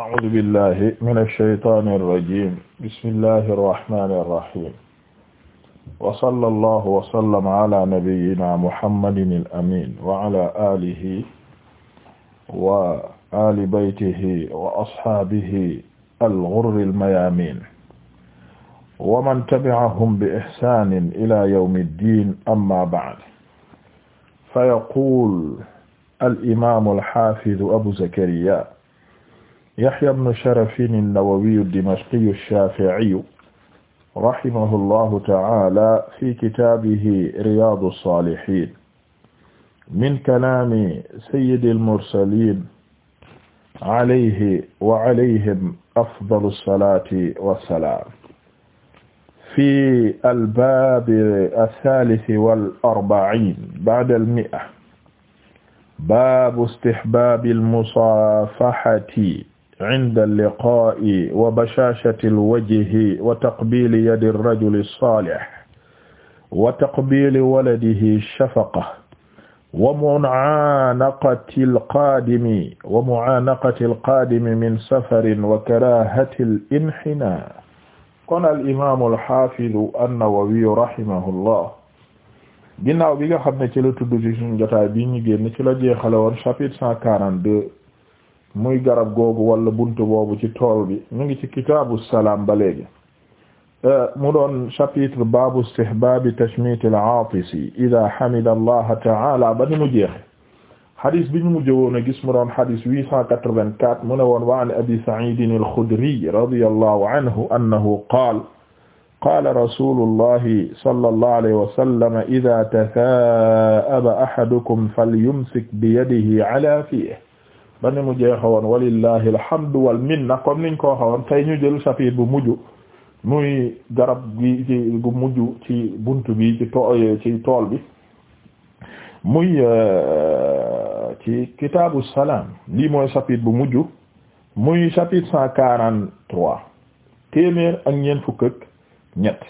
أعوذ بالله من الشيطان الرجيم بسم الله الرحمن الرحيم وصلى الله وسلم على نبينا محمد الأمين وعلى آله وآل بيته وأصحابه الغر الميامين ومن تبعهم بإحسان إلى يوم الدين أما بعد فيقول الإمام الحافظ أبو زكريا Yahya ibn Sharafin an-Nawawi ad-Dimashqi ash-Shafi'i rahimahullahu ta'ala fi kitaabihi Riyaadu s-Saalihiin min kalaami sayyidil mursaliin alayhi wa alayhim afdalu s-salaati wa s-salaam fi al-baabi ath-thaalith wal-arba'iin ba'da al-mi'a baabu istihbaabil musaafahati inda liqaa'i wa bashaashati alwajhi wa taqbiili yadi arrajuli saalih wa taqbiili waladihi shafaqa wa mu'aanaqati alqaadimi wa mu'aanaqati alqaadimi min safarin wa karaahati alinhinaa kon alimamu alxafidu annawawiyu rahimahullah ginnaaw bi nga xam ne ci la tudd ci suñu jotaay bi ñu génn ci la jeexale woon chapitre 142 muy garab googu wala buntu boobu ci tool bi mu ngi ci kitaabu salaam ba léegi euh, mu doon chapitre baabu istihbaabi tashmiit al-aatisi idaa hamida allaha ta'ala ba ni mu jeexe hadis bi ñu mujj woon a gis mu doon hadis 884 mu ne woon wa an abi sa'iidin al-xudri radiyallahu anhu annahu qaala qaala rasuulullahi sallallahu alayhi wa sallam idaa tasaa'aba ahadukum falyumsik biyadihi alaa fiihi ba mu jeexawoon walillahi alhamdu wal minna comme niñ ko xawoon tey ñu jël chapitre bu mujj muy garab gi ci bu mujj ci buntu bi ci to ci tool bi muy euh, ci kitaabu salaam lii mooy chapitre bu mujj muy chapitre cent quarante trois téeméer ak ñeent fukk ak ñett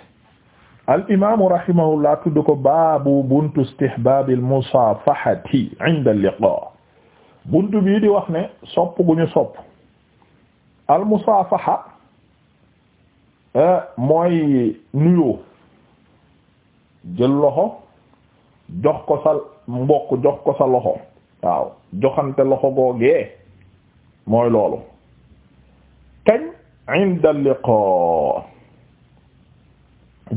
al imaamu rahimahullah tudd ko baabu buntu istihbaabil musaafahati inda al liqaa buntu bii di wax ne sopp gu ñu sopp al eh, mooy nuyoo jël loxo jox ko sa mbokk jox ko sa loxo waaw joxante loxo googee mooy loolu kañ inda liqa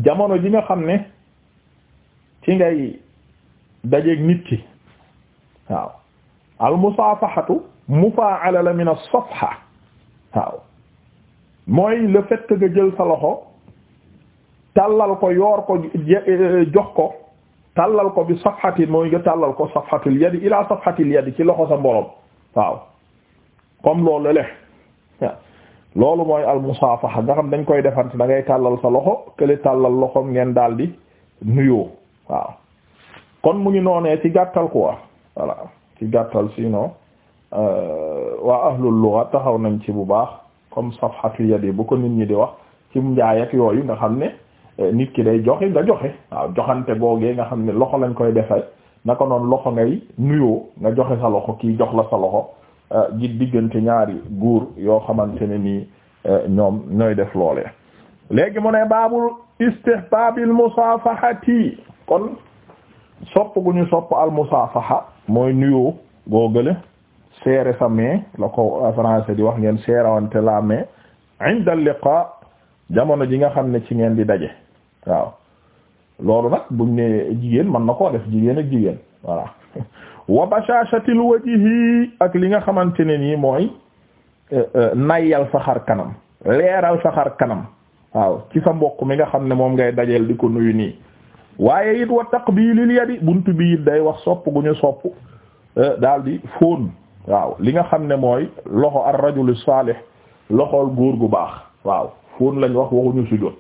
jamono ji nga xam ne ci ngay dajeeg nit ki waaw al musaafahatu mufaala la min a safha waaw mooy le fait nga jël sa loxo tàllal ko yoor ko euh, jox ko tàllal ko bi safhati mooy nga tàllal ko safhatul yadi ila safhatil yadi ci loxo sa borom waaw comme loolu le loolu mooy al musaafaha nga xam dañ koy defante da ngay tàllal sa loxo kële tàllal loxoom ngeen daal di nuyoo waaw kon mu ngi noonee ci gàttal quoi voilà ci gàttal sinon euh, waa ahlul lugha taxaw nañ ci bu baax comme safhatu yadi bu ko nit ñi di wax ci njaay ak yooyu nga xam ne euh, nit ki day joxe nga joxe waaw joxante googee nga xam ne loxo lañ koy defee naka noonu loxo ngay nuyoo nga joxe sa loxo kii jox la sa loxo ji euh, diggante ñaari góor yoo xamante ne nii ñoom ñooy def loolee léegi mu ne baabul istihbaabil musaafahati kon sopp gu ñu sopp almusaafaha mooy nuyoo googale serrer sa main la ko français di wax ngeen serrawante laa main inda al-liqaa jamono ji nga xam ne ci ngeen di daje waaw loolu nag buñ ne jigéen mën na koo def jigéen ak jigéen voilà wa bashashatil wajhi ak li nga xamante ne nii mooy eh, eh, nayal sa xar kanam leeral sa xar kanam waaw ci sa mbokk mi nga xam ne moom ngay dajeel di ko nuyu nii waaye it wa taqbilil yadi bunt bi it day wax sopp gu ñu sopp eh, daal di fóon waaw li nga xam ne mooy loxo ar rajul salih loxool góor gu baax waaw fóon lañ wax waxuñu sujjóot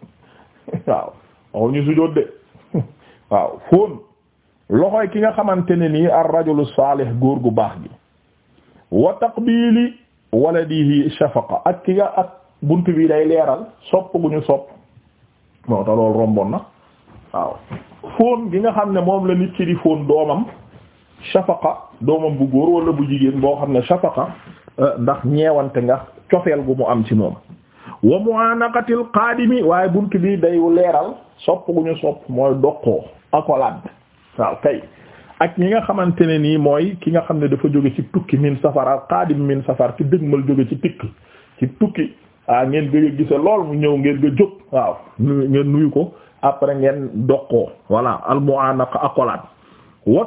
waaw waxuñu sujjóot de waaw fóon loxoy ki nga xamante ne nii ar rajul salih góor gu baax gi wa taqbili waladihi shafaqa ak ki nga ak bunt bi day leeral sopp gu ñu sopp moo tax loolu romboon na waaw fóon gi nga xam ne moom la nit ki di fóon doomam shafaqa doomam bu góor wala bu jigéen boo xam ne shafaqa euh, ndax ñewante nga cofeel gu mu am ci moom wa mu'anaqatil qadimi waaye bunt bi day leeral sopp gu ñu sopp mooy doqoo accolade waaw kay ak ñi nga xamante ne nii mooy ki nga xam ne dafa jóge ci tukki min safar al qadim min safar ci dëgmal jóge ci tikk ci tukki ah ngeen gëj gise lool mu ñëw ngeen nga jóg waaw ngeen nuyu ko après ngeen doqoo voilà al mu'anaqa accolade wa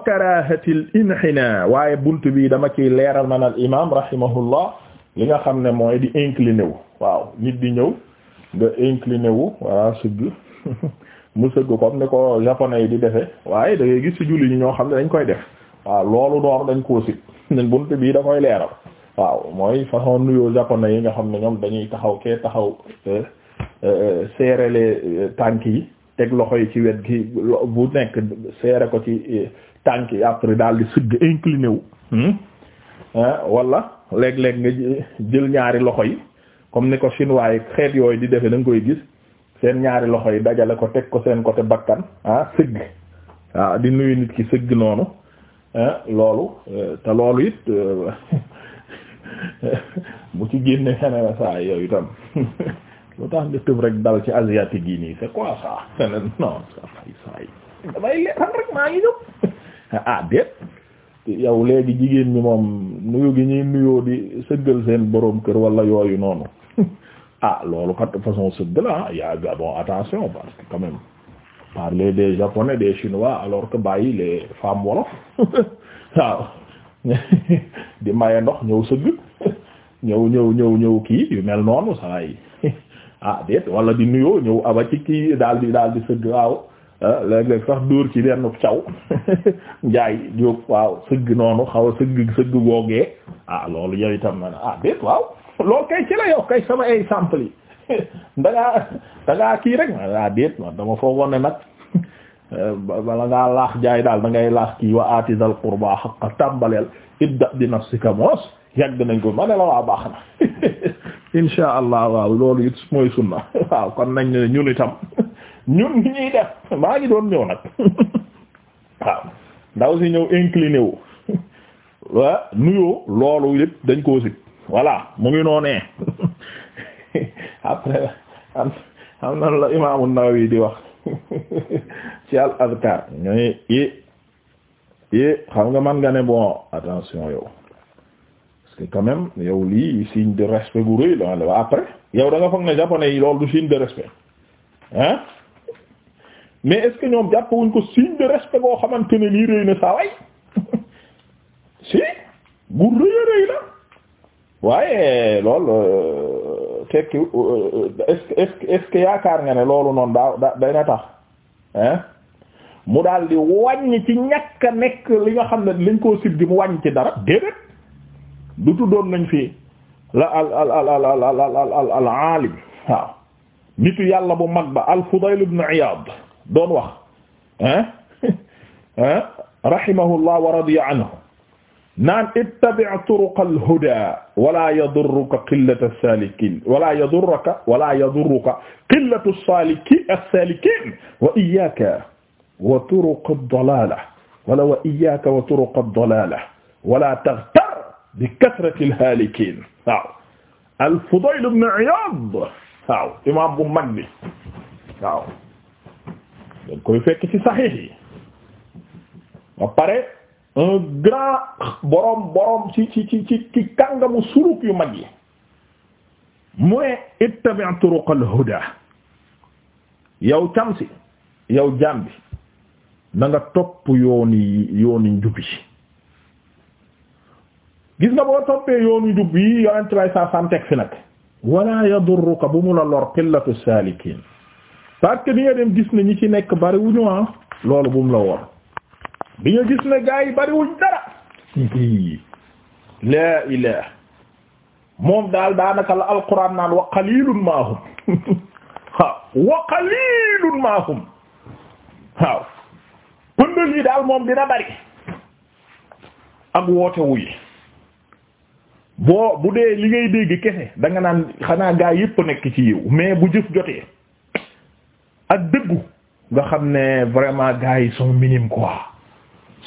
inhina waaye bunt bii dama kiy leeral man al imam rahimahullah li nga xam ne mooy di incliné wu waaw nit di ñëw nga incliné wu voilà sëgg mu ko comme ni ko japonais yi di defee waaye da ngay gis ci julli ñi ñoo xam ne dañ koy def waaw loolu noonu dañ koo sit bunt bii da koy leeral waaw mooy façon nuyoo japonais yi nga xam ne ñoom dañuy taxaw kee taxaw eh, eh, eh, serrer les tànk yi teg loxo yi ci wet gi bu nekk seere ko ci eh, tànk yi après daal di sëgg incliné wu hmm? eh, wala léeg-léeg nga jël ñaari loxo yi comme ni ko chinois yi xeet yooyu di defee da koy gis seen ñaari loxo yi dajale ko teg ko seen côté bakkan ah sëgg waaw ah, di nuyu nit ki sëgg noonu eh, loolu te loolu it mu ci génne xene saa yooyu itam lu tax nga rek dal ci asiatique yi nii c'est quoi ça feneen non ça fay saay damay leeral maa ngi jóg ah déet yow léegi jigéen ñi moom nuyu gi ñuy nuyoo di sëggal seen borom kër wala yooyu noonu ah loolu kat façon sëgg la ah, y a ah, attention parce que quand même parler des japonais chinois alors que bàyyi les femmes wolof waaw di maye ndox ñëw sëgg ñëw ñëw ñëw ñëw kii yu mel noonu saa yi ah déet wala di nuyoo ñëw aba ci kii daal di daal di sëgg waaw ah, léeg-léeg sax dóor ci benn caw njaay jóg waaw sëgg noonu xaw a sëgg sëgg googee ah loolu yow itam na ah déet waaw loolu kay ci la yow kay sama ay yi da ngaa kii rek ah déet man dama foogoon ne nag bala ngaa laax jaay daal da ngay laax kii wa ati dal qurba xaqa tàmbaleel ibda bi nafsika moos nañ ko ma ne la waa baax na insha allah waaw loolu it mooy sunna waaw kon nañ ne ñun itam ñun ñuy def maa ngi doon ñëw nag waaw ndaw si ñëw incliné wu wa loolu yëpp dañ koo sit voilà mu ngi noonee après am am na la Imam an yi di wax ci al azkar ñooy i i eh, eh, xam nga man nga ne bon attention yow que quand même yow lii signe de respect bu rëy la yow da nga foog yi loolu du signe de respect boo xamante ne lii rëy na saa waaye loolu euh, tekki euh, euh, est-ce que yaakaar nga ne loolu noonu daa day na tax hein mu daal di wàññi ci ñàkk a nekk li nga xam ne lañ koo sib gi mu wàññi ci dara déedéet. du tuddoon nañ fi la al al al al al al alim waaw nitu yàlla bu mag ba al Fudayl ibn Iyad doon wax ah ah rahimahullah wa radiya anhu naan ittabi' turuq al huda wala yadurruka qillatu as-salikin wala yadurruka wala yadurruka qillatu as-saliki as-salikin wa iyyaka wa turuq ad-dalalah wala wa iyyaka wa turuq ad-dalalah wala bi kasrati alhaalikiin waaw al-Fudayl ibn Iyaad waaw imaam bu mag bi waaw dañ koy fekk ci saxiix yi ba pare un grand borom borom ci ci ci ci ci kàngamu suruk yu mag yi mu ne ittabi' turuq al-huda yow camsi yow jaam bi na nga topp yooni yooni njub yi gis nga boo toppee yoonu jub yi yonent bay saa saam fi nag wala yadurruka bu mu la lor qillatu saalikiin parce que di nga dem gis na ñi ci nekk bariwuñu ah loolu bu mu la wor di nga gis ne gaa yi bariwuñ dara laa ilah moom daal daanaka la alquran naan wa qalilun maahum wa qalilun maahum waaw pëndal yi daal moom dina bari ak woote wuy boo bu dee li ngay dégg kese danga naan xanaa gaa yépp nekk ci yiw mais bu jëf jotee ak dëggu nga xam ne vraiment gaa yi sont minimes quoi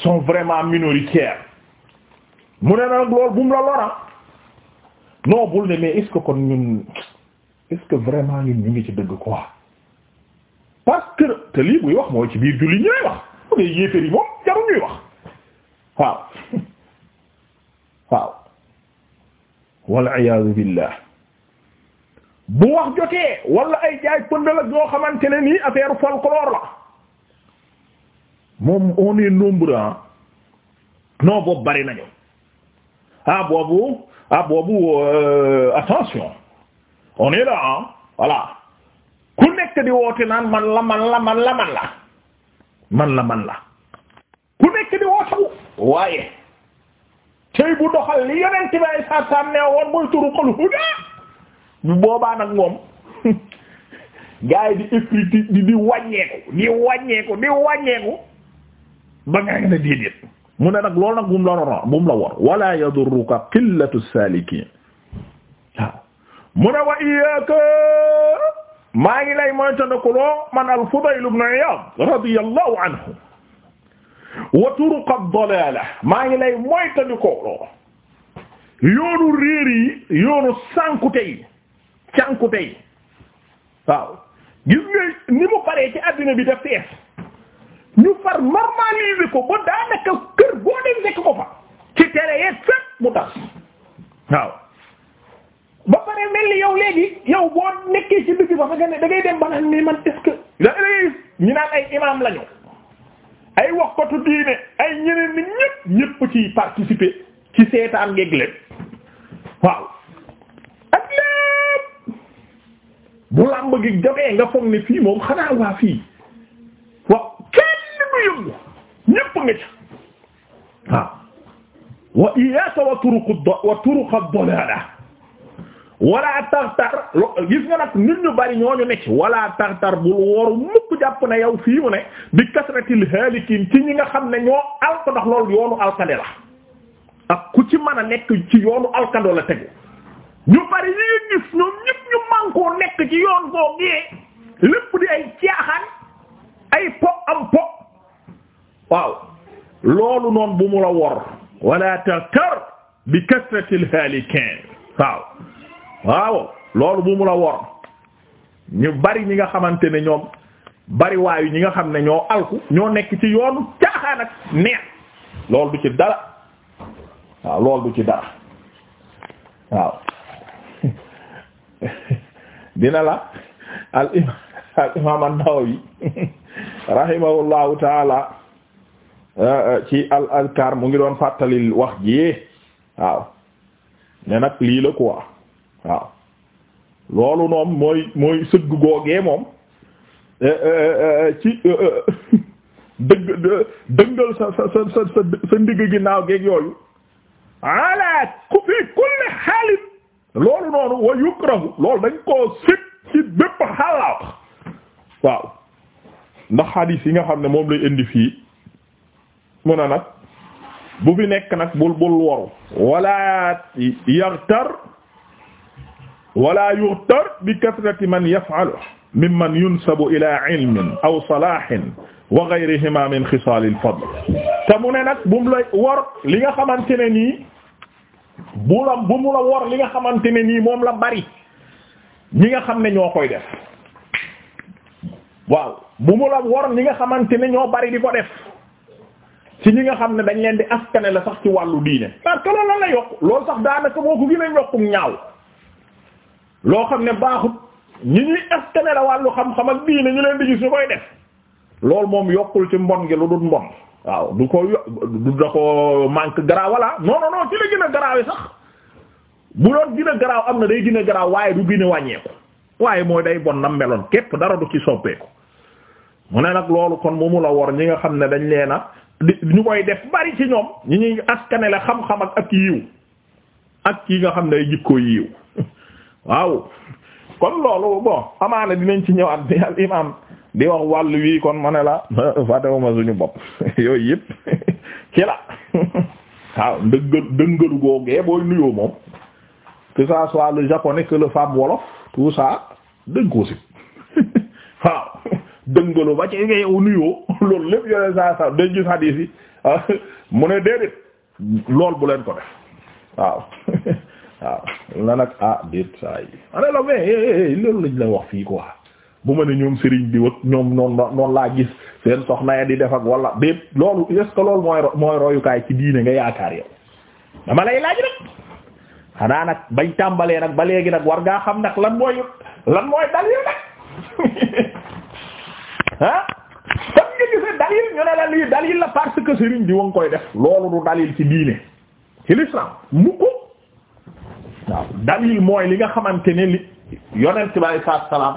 sont vraiment minoritaires mu ne nag loolu bu mu la lora non bul ne mais est-ce que kon ngi ci dëgg quoi parce te lii buy wax mooy ci biir julli ñooy wax bu dee yéeféer moom jaru wax waaw waaw wala iyaadu billah bu wax jotee wala ay jaay pëndal ak yoo xamante ne nii affaire folklore la moom on est nombreux non boobu bari nañu ah boobu ah euh, attention on est là ah di woote man la man la man la man la di woote waaye. tey bu doxal li yonent bi ay saasaan nee woon mooy turuqul huda bu boobaa nag moom gars yi di écriti di di wàññeeku di wàññeeku di wàññeeku ba ngaa ngeen a déedéet mu ne nag loolu nag bu mu war wala yadurruka qillatu saalikiin waaw mu ne wa iyyaka maa ngi lay moytandikuloo man al-Fudayl ibn Iyaad radiyallahu anhu wa turuqa dalaala maa ngi lay moytandikoo yoonu réer yi yoonu sànkute yi cànkute yi waaw gis nga ni mu paree ci addina bi daf fees ñu far normaliser ko ba daanaka kër boo dem nekk ko fa ci tere yeeg fépp mu tas waaw ba pare mel ni yow léegi yow boo nekkee ci dëgg ba fa nga ne da dem ba ni man est-ce que da ngay ñu naan ay imam lañu ay wax ko diine ay ñeneen ni ñépp ñépp ci participer ci seetaan ngeeg leen waaw ak lépp bu làmb gi jogee nga foog ne fii moom xanaa waa fii waaw kenn mu yëngu ñépp nga ci waaw wa iyyaka wa turuq wa turuq ad-dalala wala tartar gis nga nag nit ñu bari ñooñu nekk wala tartar bul woru mukk jàpp na yow fii mu ne bi kasratil haalikiin ci ñi nga xam ne ñoo alko ndax loolu yoonu alkande la ak ku ci mën a nekk ci yoonu alkando la tegu ñu bari ñi nga gis ñoom ñu mànkoo nekk ci yoon boo gee lépp di ay caaxaan ay po am po waaw loolu noonu bu mu la wor wala tartar bi kasratil haalikiin waaw waaw loolu bu mu la wor ñu bari ñi nga xamante ne ñoom bari waayu ñi nga xam ne ñoo alku ñoo nekk ci yoonu caaxaan ak neen loolu du ci dara waaw loolu du ci dara waaw dina la al imam al imam an-Nawawi rahimahullahu eh, eh, ci al azkar mu ngi doon fàttali wax ji waaw ne nag lii la quoi waaw loolu moom mooy mooy sëgg googee moom eh, eh, eh, ci dëgg dëngal sa sa sa sa sa ndigg ginnaaw geeg yooyu ala ku fi kulli xaalin loolu noonu wa yukrahu loolu dañ koo sëg ci bépp xalaaw waaw ndax xadiis yi nga xam ne moom lay indi fii mun a nag bu fi nekk nag bul bul waru wala yartar wala yughtar bi kathrati man yaf'alu mimman yunsabu ila ilmin aw salahin wa ghayrihima min xisaal al fadl te mu ne nag bu mu wor li nga xamante ne nii bu la wor li nga xamante ne nii moom la bari ñi nga xam ne ñoo koy def waaw bu mu la wor ñi nga xamante ne ñoo bari di ko def ci ñi nga xam ne dañ leen di askane la sax ci wàllu diine parce que loolu la yokk loolu sax daanaka moo ko gën a yokkum ñaaw loo xam ne baaxut ñi ñuy askane la wàllu xam-xam ak diine ñu leen di gis ñu koy def loolu moom yokkul ci mbon gi lu dul mbon waaw du ko du da ko manque garaaw walla non non non ci la gën a garaawe sax bu doon gën a garaaw am na day gën a garaaw waaye du gën a wàññeeku waaye mooy day bon nam meloon képp dara du ci soppeeku mu ne nag loolu kon mu mu la wor ñi nga xam ne dañ leena ñu koy def bari ci ñoom ñi ñuy askane la xam-xam ak ak yiw ak yi nga xam ne ay jikko yiw waaw kon loolu bon amaana dinañ ci ñëwaat bi al di wax wàllu wii kon ma ne la fatewuma suñu bopp yooyu yëpp ci la waaw ndëggal dëngalu googee booy nuyoo moom que ça soit le japonais que le femme wolof tout ça dëng dëngalu ba ci ngay nuyoo loolu lépp yore saa saa dañ gis hadis mu ne déedéet lool bu leen ko def waaw waaw la nag ah déet saa yi ana la mais eh, eh, eh, loolu lañ la wax fii quoi bu ma ne ñoom sëriñ bi wëg ñoom noonu noonu laa gis seen soxna ya di def ak wala déet loolu est-ce que loolu mooy mooy royukaay ci diine nga yaakaar yow dama lay laaj rek xanaa nag bañ tàmbalee nag ba léegi nag war ngaa xam nag lan mooy lan mooy dalil nag ah kon nga gisee dalil ñu ne la lii dalil la parce que sëriñ bi wa ngi koy def loolu du dalil ci diine ci l'islam mu ko waaw dalil mooy li nga xamante ni li yonent bi alei salaam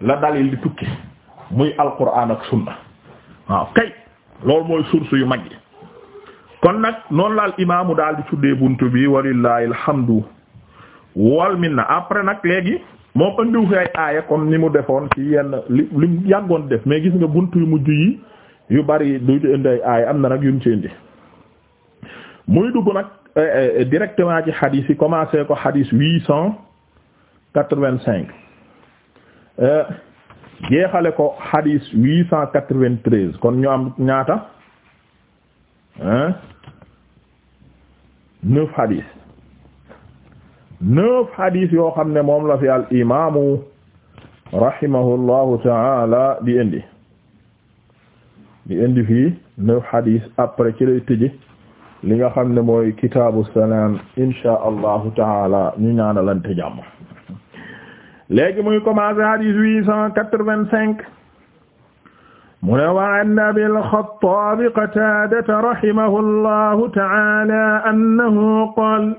la dalil di tukki muy alquran ak sunna waaw kay loolu mooy source yu mag yi kon nag noonu laal imaamu daal di tuddee bunt bi walillahi alhamdu wal minna après nag léegi moom andiw fi ay aaya comme ni mu defoon ci yenn li li mu yàggoon def mais gis nga bunt yu mujj yi yu bari du ci indi ay aaya am na nag yu mu ci muy dugg nag Eh, eh, directement ji xadis yi ko xadis huit cent quatre-vingt-cinq eh, jeexale ko xadis huit cent quatre-vingt-treize kon ñu am ñaata hein neuf xadis neuf xadis yoo xam ne moom la fi al imaamu rahimahullahu taala di indi di indi fii neuf xadis après ci lay li nga xam ne mooy kitaabu salaam insha allahu taala ñu ñaanalante jàmm léegi muy commencé hadith huit cent quatre-vingt-cinq mu ne wa an abil xattaab qataadata rahimahu allahu taala annahu qaala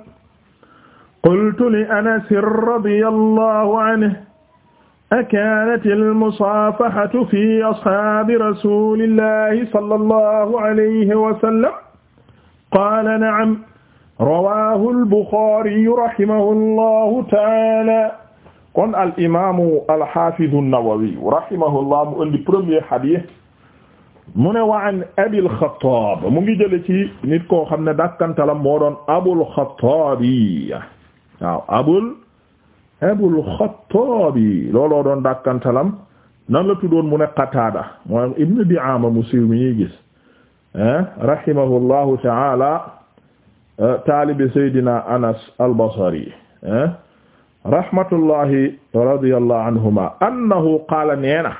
qultu li anas radiyallahu anhu akaanat al-musaafahatu fi ashaabi rasuulillahi sallallahu alayhi wa sallam qaala na'am rawaahu al-Buxaari rahimahu llahu ta'aala kon al imaamu al-Haafidu an-Nawawi rahimahu llah mu indi premier hadith mu ne wa an Abil Xattaab mu ngi jële ci nit koo xam ne dakkantalam moo doon Abul Xattaabi waaw Abul Abul Xattaabi looloo doon dakkantalam nan la tuddoon mu ne Qataada mooy Ibn Di'aama mu siiw mi ñuy gis Eh? rahimahullahu ta'ala eh, taalibi saydina anas albasari eh? rahmatullahi radiyallahu anhuma annahu qaala neena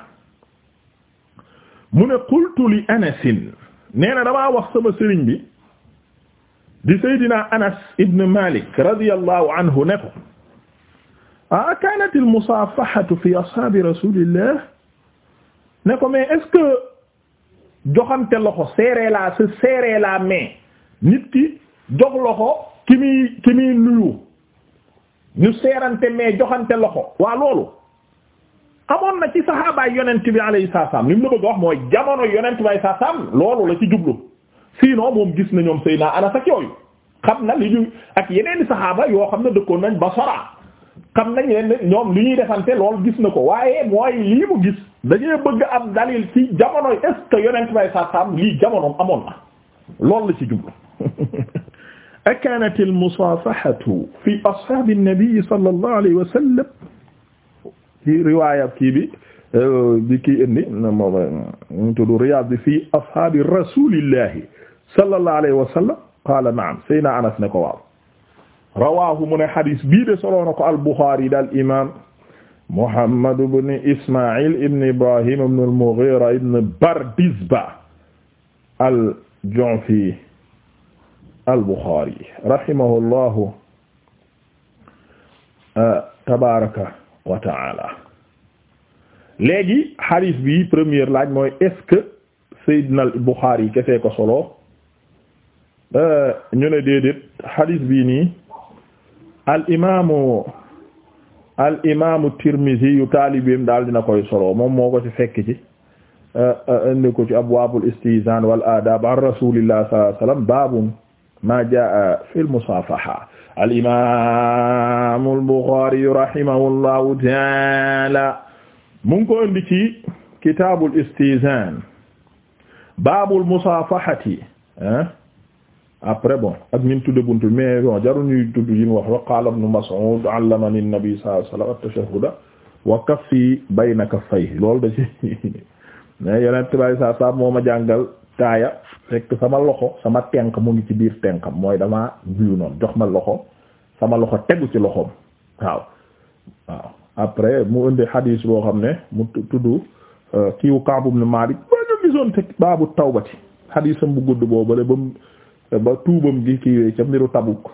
mu ne qultu li anasin neena damaa wax sama sëriñ bi di saydina anas ibn malik radiyallahu anhu ne ko a kaanat al musaafahatu fi ashaabi rasulillah ne ko mais est-ce que joxante loxo serrer laa se serrer la mais nit ki jox loxo ki muy ki muy nuyu ñu seerante mais joxante loxo waa loolu amoon na ci saxaabaay yonent bi alayhi salaam li mu la bëgg a wax mooy jamono yonent bi alayhi salaam loolu la ci jublu sinon moom gis na ñoom Seydina Anas ak yooyu xam na li ñu ak yeneen saxaaba yoo xam ne dëkkoon nañ Basra xam nañ leen ñoom li ñuy defante loolu gis na ko waaye mooy lii mu gis. dañuy bëgg am dalil ci jamono est-ce que yonent bay saasaam lii jamonoom amoon na loolu la ci jublu akanat almusaafahatu fi ashaabi an-nabi sallallahu alayhi wa sallam ci riwaaya kii bi euh, bi kii indi moom ñu tudd Riyaad bi fi ashaabi rasuulillahi na'am sayna Anas ne ko mu ne hadiis bii de al-Buxaari daal imaam Muhammad ibn Ismaïl ibn Ibrahim ibn al-Mughira ibn Bardizba al-Ju'fi al-Bukhari rahimahullahu euh, tabaraka wa ta'ala léegi hadith bi première laaj mooy est-ce que Sayyidna bukhari kese ko solo euh, ñu ne hadith bi nii al-imaamu al imaamu Tirmizi yu taalibeem daal dina koy solo moom moo ko ci fekk ci eh, eh, indi ko ci abwaabul istizaan wal aadaab an rasuulillah sallallahu alayhi wasallam baabun maa jaa fil musaafaha al imaamul Buxaari rahimahullahu ta'aala mu ngi ko indi ci kitaabul istizaan baabul musaafahati ah. après bon ak ñun tudde bunt mais bon jarul tudd yi mu wax wa qaala ibnu Mas'ud allamani nabi sallallahu alayhi wasallam at-tashahhuda wa kaffi bayna kaffayhi loolu da mais yeneen tubaab saa saa moo ma jàngal taaya fekk sama loxo sama tenk mu ngi ci biir tenkam mooy dama buyu noonu jox ma loxo sama loxo tegu ci loxoom waaw waaw après mu indi hadis boo xam ne mu tudd euh, kiiwu Ka'b ibn Malik ba ñu gisoon te baabu tawbati hadisam bu gudd boobale ba mu ba tuubam gi kiiwee ca mbiru Tabuk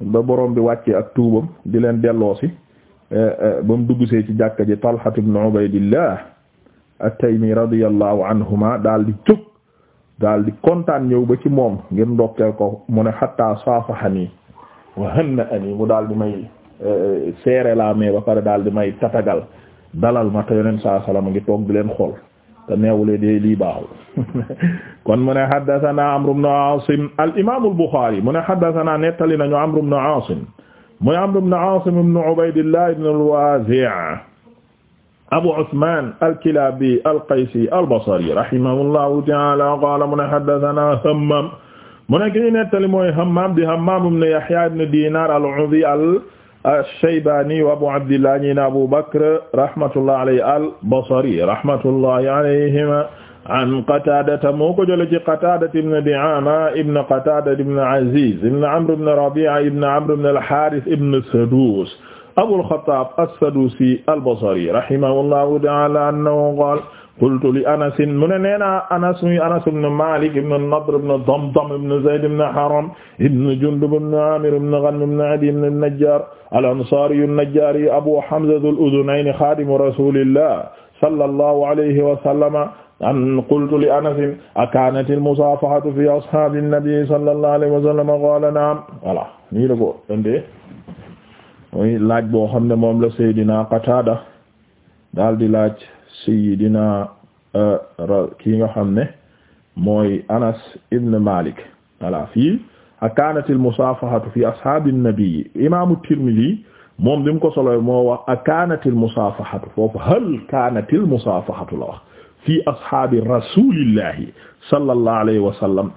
ba borom bi wàccee ak tuubam di leen delloosi eh, eh, ba mu duggsee ci jàkka ji Talha ibn Ubaydillah at-Taymi radiyallahu anhuma daal di jóg daal di kontaan ñëw ba ci moom ngir ndokkeel ko mu ne hatta saafahani wa hanna'ani mu daal di may eh, seere la mais ba pare daal di may tatagal dalal ma te yoneen saa salaam ngi toog di leen xool te neewule de lii baaxul kon mu ne haddathana Amr ibn Asim al imam al Bukhari mu ne haddathana nettali nañu Amr ibn Asim mu ne Amr ibn Asim ibn Ubaydillah ibn al-Wazi' Abu Usman al-Kilabi al-Qaysi al-Basri rahimahullahu ta'ala qala mu ne haddathana Hammam mu ne ki ñu nettali mooy Hammam di Hammam ibn Yahya ibn Dinar al-Udhi ash-Shaybani wa Abu Abdillah ñi na Abu Bakr rahmatullah alayhi al-Basri rahmatullah alayhima an Qataadata moo ko jëlee ci Qataadata ibn Di'aama ibn Qataada ibn Aziz ibn Amr ibn Rabi'a ibn Amr ibn al-Haaris ibn Saduus Abul Khattaab as-Saduusi al-Basri rahimahullahu ta'aala annahu qaala qultu li Anas mu ne nee naa Anas muy Anas ibn Malik ibn Nadr ibn Damdam ibn Zayd ibn Haram ibn Jundub ibn Amir ibn Ghanm ibn Adi ibn an-Najjar al-Ansari an-Najjari Abu Hamza dhul-udhunayn khadimu rasulillah sallallahu alayhi wa sallama an qultu li Anas akanat al-musafahatu fi ashabi an-nabi sallallahu alayhi wa sallam qala na'am voilà nii la ko ande mooy laaj boo xam ne moom la Seydina Qatada daal di laaj sayidina euh, kii nga xam ne mooy anas ibn malik voilà fii ak kaanatil musaafahatu fi ashaabi nabi imaamu tirmidi moom li mu ko solo moo wax ak kaanatil musaafahatu hal kaanatil musaafahatu la fi ashaabi rasulillahi sallallahu alayhi wa sallam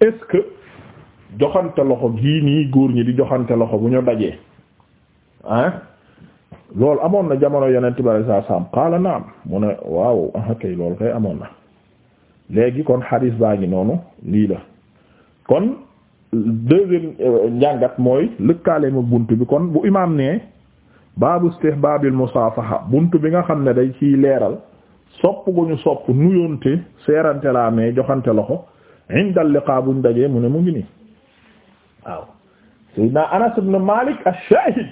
est-ce que joxante loxo gii nii góor ñi di joxante loxo bu ñu dajee ah loolu amoon na jamono yonent bi saa saam qaala naam mu ne waaw kay loolu kay amoon na léegi kon xadiis baa ngi noonu lii la kon deuxième euh, njàngat mooy lëkkaale ma bunt bi kon bu imaam nee baabu istihbaabil musaafaha bunt bi nga xam ne day ciy leeral sopp gu ñu sopp nuyoonte seerante laa mee joxante loxo indal liqaa buñ dajee mu ne mu ngi nii waaw Seydina Anas ibn Malik ash-Shahid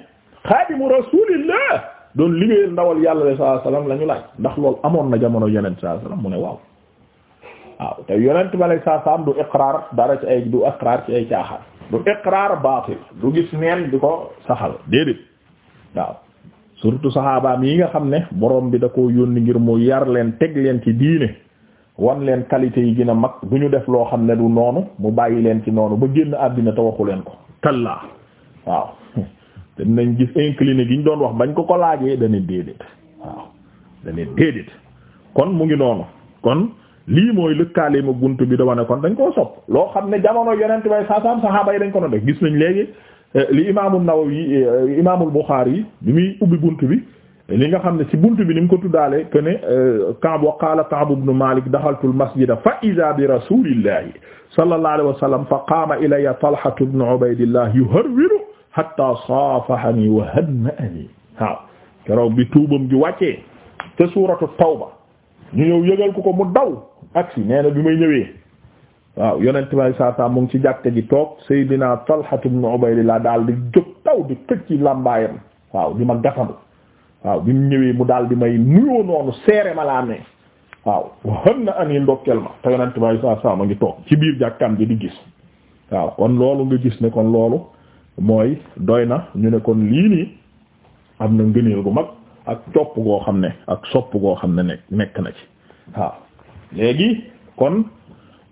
xaadimu rasulillah doon liggéeyal ndawal yàlla de saa salaam la laaj ndax loolu amoon na jamono yonent saa salaam mu ne waaw waaw te yonent ba lay saa salaam du iqraar dara ci ay du iqraar ci ay caaxaan du iqraar baatil du gis neen di ko saxal déedéet waaw surtout saxaabaam yi nga xam ne borom bi da koo yónni ngir mu yar leen teg leen ci diine wan leen qualité yi dina mag du ñu def loo xam ne du noonu mu bàyyi leen ci noonu ba génn àddina te waxu leen ko kallaa dañ nañ gis incliné gi ñu doon wax bañ ko ko laajee dana déedéet waaw dana déedéet kon mu ngi noonu kon lii mooy lëkkaale ma bunt bi da wane kon dañ koo sopp loo xam ne jamono yonent bay saasaam saxaaba yi dañ ko doon def gis nañ léegi eh, li imaamul Nawawi eh, imaamul Buxaari bi muy ubbi bunt bi li nga xam ne ci bunt bi ni mu ko tuddaale que ne eh, Kaab wa qaala Kaab ibn Malik daxaltu al-masjida fa idaa bi rasuulillahi sallallahu alayhi wa sallam fa qaama ilayya Talha ibn Ubaydillah yuharwiru hatta saafahani wa hamma'ani waaw keroog bi tuubam ko mu daw aksi nee bi may ñëwee waaw yonent mu ngi ci jàkka ji toog Seydina Talha ibn Ubaydillah daal di taw di këcc làmbaayam ma gasandu waaw ñëwee mu daal di ma laa ne waaw xam na ngi toog ci biir jàkkaam ji di gis waaw kon loolu nga gis ne kon loolu mooy doy na ñu ne kon lii nii am na ngëneel gu mag ak copp goo xam ne ak sopp goo xam ne nekk nekk na ci waaw kon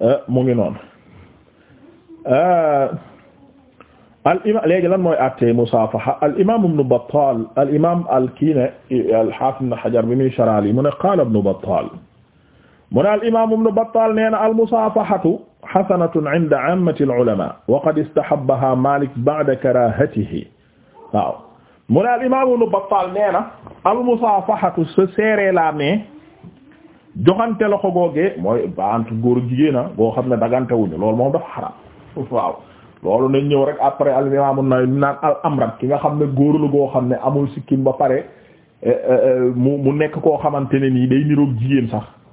euh, mu ngi noonu euh, al imam lan mooy attee musaafaha al imam ibn Battal al imam al kiine al hafiz ibn bi muy sharal yi mu ne qaala ibn Battal mu ne al imaam ibnu Battaal nee na al musaafahatu hasanatun inda ammati al ulamaa wa qad istahabbaha Maalik ba'da karaahatihi waaw mu ne al imaam ibnu Battaal nee na al musaafahatu se serrer la main joxante loxo googee mooy baant góor jigéen a boo xam ne dagantewuñu loolu moom dafa xaraam waaw loolu nañ ñëw rek après al imaam an al amrat ki nga xam ne góor la goo xam ne amul sikkim ba pare eh, eh, eh, mu nekk koo xamante ne nii day niroog jigéen sax.